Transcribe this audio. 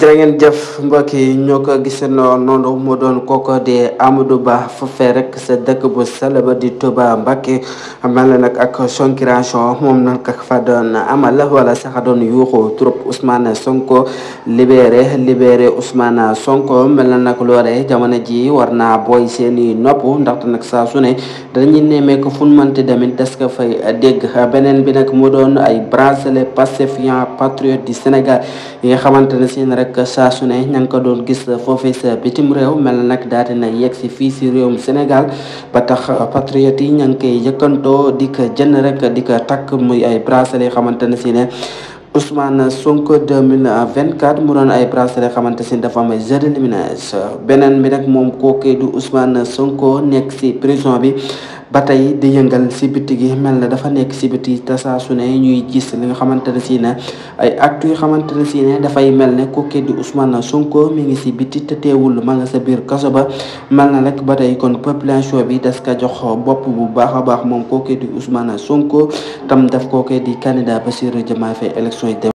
jërë ngeen jëf mbokk yi ñoo ko gisandoo noonu mu doon kooko di Amadou Ba foofee rek sa dëkk bu sell ba di Touba Mbacké mel na nag ak concurrence moom nag ak fa doon amal wala sax doon yuuxu trop Ousmane Sonko libéré libéré Ousmane Sonko mel na nag loole jamono ji war naa booy seeni nopp ndaxte nag saa su ne dañuy nemmeeku fu mu mënti demit des ko fay dégg beneen bi nag mu doon ay bracelet fian patriote di Sénégal yi xamante ne seen rek nag saa su ne ña nga ko doon gis foofee bitim réew mel na nag daal dina yegg si fii si réewum Sénégal ba tax patriote yi ña ngi koy yëkkantoo di ko jënd rek di ko takk muy ay bracelet yoo xamante ne si ne Ousmane Sonko 2024 mu doon ay bracelet xamante si dafa am ay jeux d'élimination beneen bi nag moom kookee du Ousmane Sonko nekk si prison bi ba tey di yëngal si biti gi mel na dafa nekk si biti te saa su ne ñuy gis li nga xamante ne si ne ay actu yi xamante ne si dafay mel ne kooku di Ousmane sunko mi ngi si biti te teewul ma nga sa biir kaso ba mel na rek ba tey kon population bi des ka jox bopp bu baax a baax moom kooku di Ousmane sunko tam def kooku di candidat Bassirou Diomaye Faye élection yi